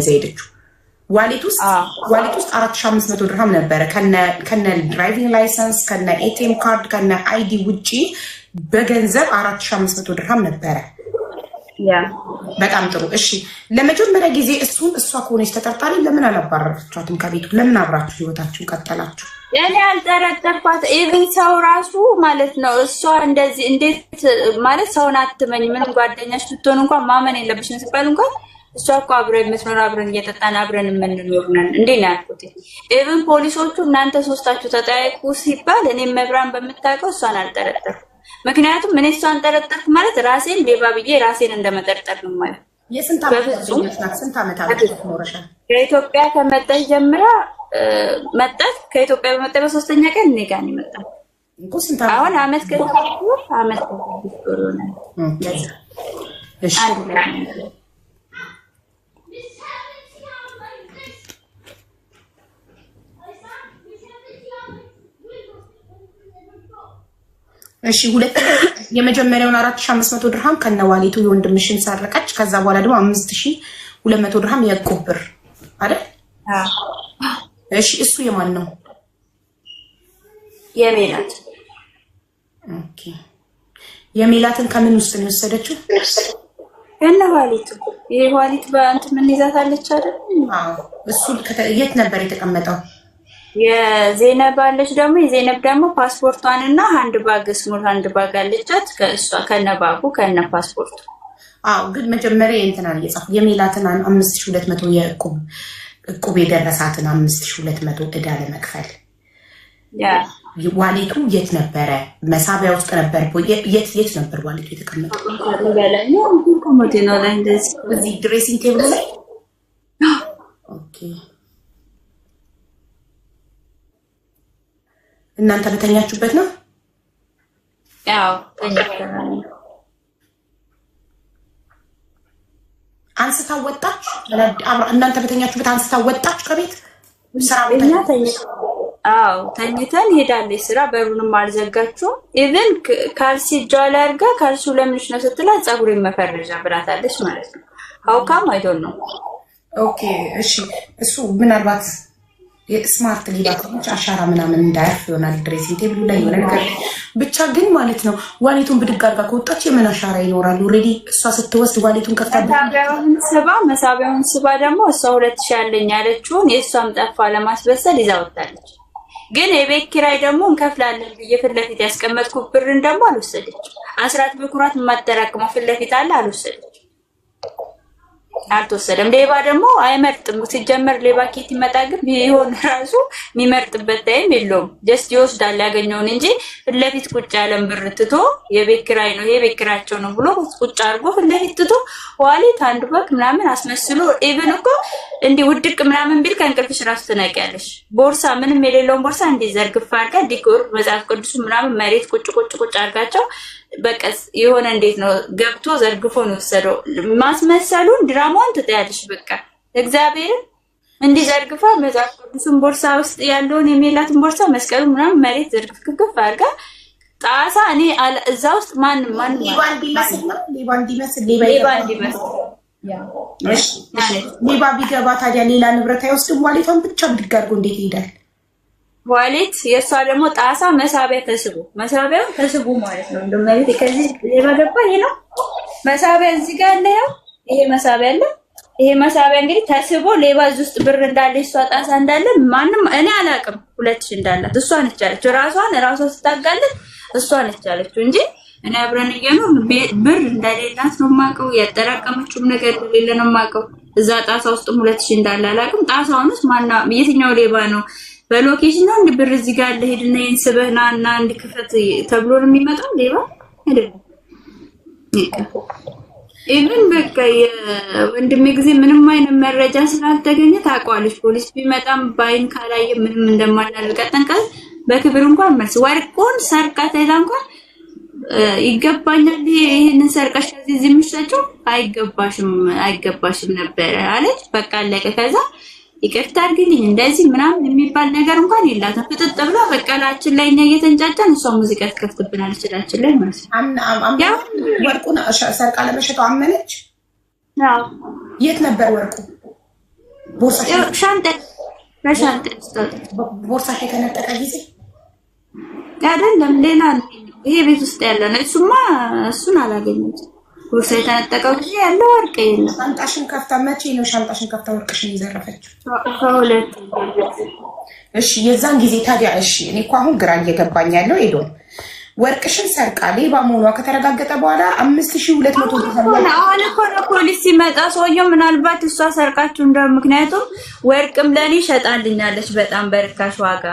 ይዛ ሄደችው። ዋሌት ውስጥ ዋሌት ውስጥ አራት ሺህ አምስት መቶ ድርሃም ነበረ ከነ ድራይቪንግ ላይሰንስ ከነ ኤቲኤም ካርድ ከነ አይዲ ውጪ በገንዘብ አራት ሺህ አምስት መቶ ድርሃም ነበረ። በጣም ጥሩ። እሺ ለመጀመሪያ ጊዜ እሱን እሷ ከሆነች ተጠርጣሪ ለምን አላባረራችኋትም ከቤቱ? ለምን አብራችሁ ህይወታችሁን ቀጠላችሁ? እኔ አልጠረጠርኳት። ኢቭን ሰው ራሱ ማለት ነው። እሷ እንደዚህ እንዴት ማለት ሰውን አትመኝ፣ ምንም ጓደኛች ትትሆን እንኳን ማመን የለብሽም ሲባል እንኳን እሷ እኮ አብረን የምትኖር አብረን እየጠጣን አብረን የምንኖር ነን እንዴ ነው ያልኩት። ኤቨን ፖሊሶቹ እናንተ ሶስታችሁ ተጠያይቁ ሲባል እኔ መብራን በምታውቀው እሷን አልጠረጠርኩም። ምክንያቱም እኔ እሷን ጠረጠርኩ ማለት ራሴን ሌባ ብዬ ራሴን እንደመጠርጠር ነው ማለት። ከኢትዮጵያ ከመጣች ጀምራ መጣች። ከኢትዮጵያ በመጣ በሶስተኛ ቀን እኔ ጋር መጣ። አሁን አመት ከ አመት ከ እሺ ሁለት የመጀመሪያውን 4500 ድርሃም ከነዋሊቱ የወንድምሽን ሰረቀች። ከዛ በኋላ ደግሞ 5200 ድርሃም የዕቁብ ብር አይደል? እሺ እሱ የማን ነው? የሜላት ኦኬ። የሜላትን ከምን ውስጥ ነው የወሰደችው? ከነ ዋሊቱ ይሄ ዋሊት በአንተ ምን ይዛታለች አይደል? አዎ። እሱ የት ነበር የተቀመጠው? የዜነብ አለች ደግሞ የዜነብ ደግሞ ፓስፖርቷን እና ሀንድ ባግ ስሙል ሀንድ ባግ አለቻት ከእሷ ከነ ባጉ ከነ ፓስፖርቱ። አዎ ግን መጀመሪያ እንትናን የጻፉ የሜላትን አምስት ሺ ሁለት መቶ የእቁብ እቁብ የደረሳትን አምስት ሺ ሁለት መቶ እዳ ለመክፈል ዋሌቱ የት ነበረ? መሳቢያ ውስጥ ነበር። የት የት ነበር ዋሌቱ የተቀመጠው? እዚህ ድሬሲንግ ቴብሉ ላይ ኦኬ እናንተ በተኛችሁበት ነው? አዎ አንስታ ወጣች። እናንተ በተኛችሁበት አንስታ ወጣች ከቤት ስራ አዎ ተኝተን ሄዳለች ስራ። በሩንም አልዘጋችውም። ኢቨን ካልሲ እጇ ላይ አድርጋ ካልሲው ለምንሽ ነው ስትላት ፀጉሬን መፈረዣ ብላታለች ማለት ነው። አውካም አይዶን ነው። ኦኬ እሺ፣ እሱ ምናልባት ስማርት ሊባቶች አሻራ ምናምን እንዳያርፍ ይሆናል ድሬሲንግ ቴብሉ ላይ የሆነ ነገር ብቻ ግን ማለት ነው። ዋሌቱን ብድግ አድርጋ ከወጣች የምን አሻራ ይኖራል? ኦልሬዲ እሷ ስትወስድ ዋሌቱን ከፍታ ስባ መሳቢያውን ስባ ደግሞ እሷ ሁለት ሺ ያለኝ ያለችውን የእሷም ጠፋ ለማስበሰል ይዛ ወጣለች። ግን የቤት ኪራይ ደግሞ እንከፍላለን ብዬ ፊት ለፊት ያስቀመጥኩ ብርን ደግሞ አልወሰደች። አስራት በኩራት የማጠራቅመው ፊት ለፊት አለ አልወሰደች አልተወሰደም። ሌባ ደግሞ አይመርጥም። ሲጀመር ሌባ ኬት ይመጣ ግን ቢሆን ራሱ የሚመርጥበት ታይም የለውም። ጀስት ይወስዳል ያገኘውን እንጂ ፊት ቁጭ ያለን ብር ትቶ የቤት ኪራይ ነው ይሄ ቤት ኪራያቸው ነው ብሎ ቁጭ አድርጎ ፊት ትቶ ዋሌት አንድ በግ ምናምን አስመስሎ ኢቨን እኮ እንዲህ ውድቅ ምናምን ቢል ከእንቅልፍሽ ራሱ ትነቂያለሽ። ቦርሳ ምንም የሌለውን ቦርሳ እንዲህ ዘርግፋ አድርጋ ዲኮር መጽሐፍ ቅዱሱ ምናምን መሬት ቁጭ ቁጭ ቁጭ አድርጋቸው በቀስ የሆነ እንዴት ነው ገብቶ ዘርግፎ ነው የወሰደው ማስመሰሉን ድራማ መሆን ትጠያለሽ። በቃ እግዚአብሔርን እንዲህ ዘርግፋ መጽሐፍ ቅዱስን ቦርሳ ውስጥ ያለውን የሚላትን ቦርሳ መስቀሉ ምናምን መሬት ዘርግፍ ክፍክፍ አድርጋ ጣሳ እኔ እዛ ውስጥ ማንም ማንም ሌባ እንዲመስል ሌባ እንዲመስል ሌባ እንዲመስል ሌባ ቢገባ ታዲያ ሌላ ንብረት አይወስድም። ዋሌቷን ብቻ ብድግ እንዴት ይሄዳል? ዋሌት የእሷ ደግሞ ጣሳ መሳቢያ ተስቦ መሳቢያው ተስቦ ማለት ነው። እንደመሬት ከዚህ ሌባ ገባ ይሄ ነው መሳቢያ እዚህ ጋር ያለው ይሄ መሳቢያ አለ። ይሄ መሳቢያ እንግዲህ ተስቦ ሌባ እዚህ ውስጥ ብር እንዳለ እሷ ጣሳ እንዳለ ማንም እኔ አላውቅም። ሁለት ሺህ እንዳላት እሷ ነች ያለችው። ራሷን ራሷ ስታጋለጥ እሷ ነች ያለችው እንጂ እኔ አብረን እየኖር ብር እንደሌላት ነው የማውቀው። ያጠራቀመችውም ነገር እንደሌለ ነው የማውቀው። እዛ ጣሳ ውስጥም ሁለት ሺህ እንዳለ አላውቅም። ጣሳውን ውስጥ ማና የትኛው ሌባ ነው በሎኬሽን አንድ ብር እዚህ ጋር ለሄድና ይህን ና እና አንድ ክፈት ተብሎ ነው የሚመጣው ሌባ አይደለም። ኢቭን በቃ የወንድሜ ጊዜ ምንም አይነት መረጃ ስላልተገኘ ታውቀዋለች። ፖሊስ ቢመጣም በአይን ካላየ ምንም እንደማናደርግ ጠንቀል በክብር እንኳን መልስ ወርቁን ሰርቃ ተይዛ እንኳን ይገባኛል፣ ይህንን ሰርቀሽ ከዚህ እዚህ የምትሸጪው አይገባሽም አይገባሽም ነበረ አለች። በቃ አለቀ። ከዛ ይቅርታ አድርግልኝ እንደዚህ ምናምን የሚባል ነገር እንኳን የላትም። ፍጥጥ ብሎ በቀላችን ላይ እኛ እየተንጫጫን እሷ ሙዚቃ ትከፍትብናል እላችን ላይ ማለት ነው። ወርቁን ሰርቃ አመነች። የት ነበር ወርቁ? ሻንጣ በሻንጣ ቦርሳ የተነጠቀ ጊዜ አይደለም ሌላ ይሄ ቤት ውስጥ ያለ ነው። እሱማ እሱን አላገኘችም። ቦርሳ የተነጠቀው ጊዜ ያለው ወርቅ የለም። ሻንጣሽን ከፍታ መቼ ነው ሻንጣሽን ከፍታ ወርቅሽን የዘረፈችው? ከሁለት እሺ፣ የዛን ጊዜ ታዲያ እሺ፣ እኔ እኮ አሁን ግራ እየገባኝ ያለው ሄዶ ወርቅሽን ሰርቃ ሌባ መሆኗ ከተረጋገጠ በኋላ አምስት ሺ ሁለት መቶ አሁን እኮ ነው ፖሊስ ሲመጣ ሰውየው ምናልባት እሷ ሰርቃችሁ እንደ ምክንያቱም ወርቅም ለእኔ ሸጣልኛለች በጣም በርካሽ ዋጋ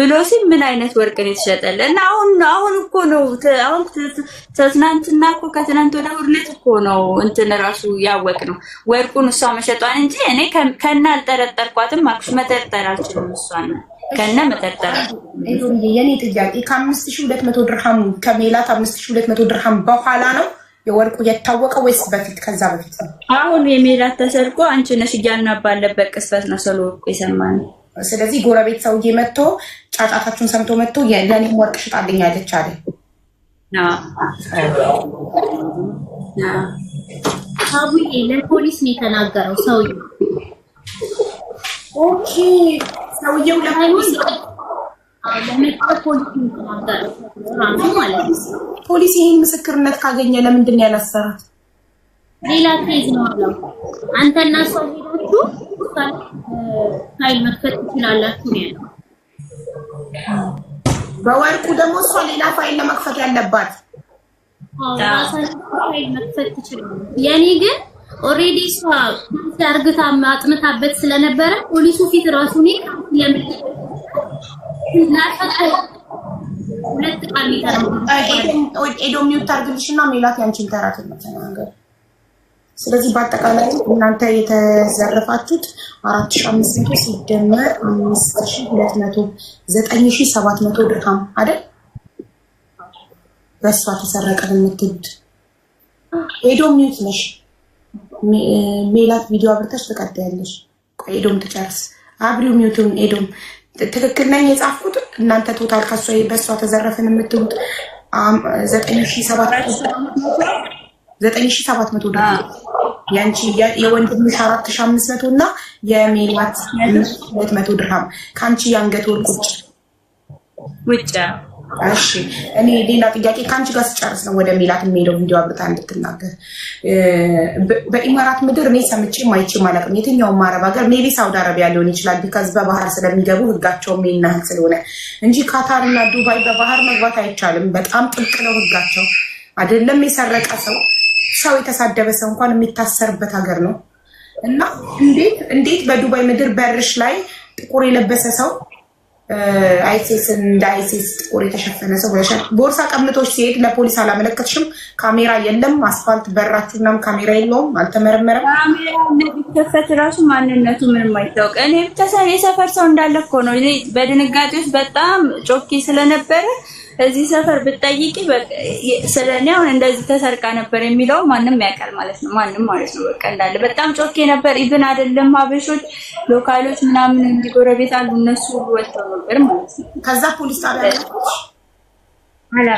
ብሎ ሲል ምን አይነት ወርቅ ነው የተሸጠለ? እና አሁን አሁን እኮ ነው አሁን ትናንትና እኮ ከትናንት ወደ ሁርነት እኮ ነው እንትን ራሱ ያወቅ ነው ወርቁን እሷ መሸጧን እንጂ እኔ ከና አልጠረጠርኳትም። አክሽ መጠርጠር አልችልም እሷን ከነ መጠጠር የኔ ጥያቄ ከአምስት ሺህ ሁለት መቶ ድርሃም ከሜላት አምስት ሺ ሁለት መቶ ድርሃም በኋላ ነው የወርቁ የታወቀ ወይስ በፊት ከዛ በፊት ነው? አሁን የሜላት ተሰርቆ አንቺ ነሽ እያልን ባለበት ቅስበት ነው ስለ ወርቁ የሰማነው። ስለዚህ ጎረቤት ሰውዬ መጥቶ ጫጫታችሁን ሰምቶ መጥቶ ለእኔም ወርቅ ሽጣልኝ አለች አለ። አቡዬ ለፖሊስ ነው የተናገረው ሰውዬው። ኦኬ ሰውየው ፖሊስ ይሄን ምስክርነት ካገኘ ለምንድን ነው ያላሰራት? ሌላ ኬዝ ነው አለው። አንተና ሰው ሄዳችሁ ፋይል መክፈት ትችላላችሁ ነው ያለው። በወርቁ ደግሞ እሷ ሌላ ፋይል ለመክፈት ያለባት ፋይል መክፈት ትችላለች። የኔ ግን ኦሬዲ እሷ አርግታ ስለነበረ ፖሊሱ ፊት ራሱ እኔ ለምን ስለዚህ በአጠቃላይ እናንተ የተዘረፋችሁት አራት ሺህ አምስት መቶ ሲደመር አምስት ሺህ ድርሃም አይደል? በእሷ ተሰረቀ የምትሉት ኤዶም ሚውት ነሽ ሜላት ቪዲዮ አብርተሽ ትቀጥያለሽ። ቆይ ኤዶም ትጨርስ። አብሪው ሚውቱን ኤዶም ትክክል ነኝ የጻፍኩት እናንተ ቶታል ከሷ በእሷ ተዘረፍን የምትሉት ዘጠኝ ሺህ ሰባት መቶ ያንቺ የወንድምሽ አራት ሺ አምስት መቶ እና የሜላት ሁለት መቶ ድርሃም ከአንቺ የአንገት ወርቅ ውጭ ውጭ እሺ እኔ ሌላ ጥያቄ ከአንቺ ጋር ስጨርስ ነው ወደ ሜላት የሚሄደው። ቪዲዮ አብርታ እንድትናገር በኢማራት ምድር እኔ ሰምቼ አይቼ አላውቅም። የትኛውም አረብ ሀገር ሜቢ ሳውዲ አረቢያ ሊሆን ይችላል፣ ቢካዝ በባህር ስለሚገቡ ህጋቸው የሚናህል ስለሆነ እንጂ ካታር እና ዱባይ በባህር መግባት አይቻልም። በጣም ጥብቅ ነው ህጋቸው። አይደለም የሰረቀ ሰው ሰው የተሳደበ ሰው እንኳን የሚታሰርበት ሀገር ነው እና እንዴት እንዴት በዱባይ ምድር በርሽ ላይ ጥቁር የለበሰ ሰው አይሲስን እንደ አይሲስ ጥቁር የተሸፈነ ሰው ብለሻል። ቦርሳ ቀምቶች ሲሄድ ለፖሊስ አላመለከትሽም። ካሜራ የለም፣ አስፋልት በራችሁ ምናምን ካሜራ የለውም፣ አልተመረመረም። ካሜራ ቢከፈት ራሱ ማንነቱ ምንም አይታወቅ። እኔ ብቻ የሰፈር ሰው እንዳለ እኮ ነው። በድንጋጤ ውስጥ በጣም ጮኬ ስለነበረ እዚህ ሰፈር ብትጠይቂ ስለ እኔ አሁን እንደዚህ ተሰርቃ ነበር የሚለው ማንም ያውቃል ማለት ነው። ማንም ማለት ነው በቃ እንዳለ በጣም ጮኬ ነበር። ኢቭን አይደለም አበሾች፣ ሎካሎች ምናምን እንዲጎረቤት አሉ እነሱ ወጥተው ነበር ማለት ነው። ከዛ ፖሊስ ጣቢያ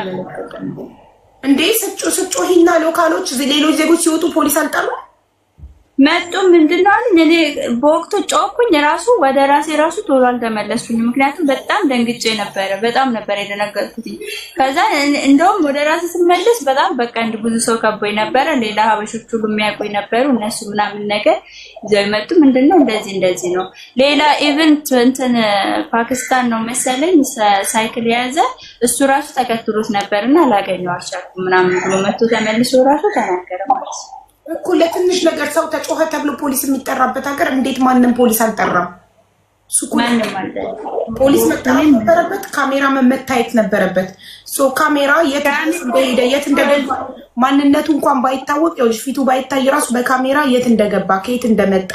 አላመለከትም እንዴ? ስጮ ስጮ ሂና ሎካሎች ሌሎች ዜጎች ሲወጡ ፖሊስ አልጠሩም መጡ ምንድን አሉኝ። እኔ በወቅቱ ጮኩኝ። ራሱ ወደ ራሴ ራሱ ቶሎ አልተመለስኩኝ፣ ምክንያቱም በጣም ደንግጬ ነበረ። በጣም ነበር የደነገጥኩት። ከዛ እንደውም ወደ ራሴ ስመለስ በጣም በቃ እንድ ብዙ ሰው ከቦኝ ነበረ። ሌላ ሀበሾች ሁሉ የሚያውቁኝ ነበሩ። እነሱ ምናምን ነገር ይዘው የመጡ ምንድነው እንደዚህ እንደዚህ ነው። ሌላ ኢቨንት እንትን ፓኪስታን ነው መሰለኝ ሳይክል የያዘ እሱ ራሱ ተከትሎት ነበር እና አላገኘው አልቻልኩም ምናምን ብሎ መጥቶ ተመልሶ ራሱ ተናገረ ማለት ነው። እኮ ለትንሽ ነገር ሰው ተጮኸ ተብሎ ፖሊስ የሚጠራበት ሀገር እንዴት ማንም ፖሊስ አልጠራም? ፖሊስ መጠራት ነበረበት። ካሜራ መታየት ነበረበት። ካሜራ የት እንደሄደ የት እንደገባ ማንነቱ እንኳን ባይታወቅ ፊቱ ባይታይ ራሱ በካሜራ የት እንደገባ ከየት እንደመጣ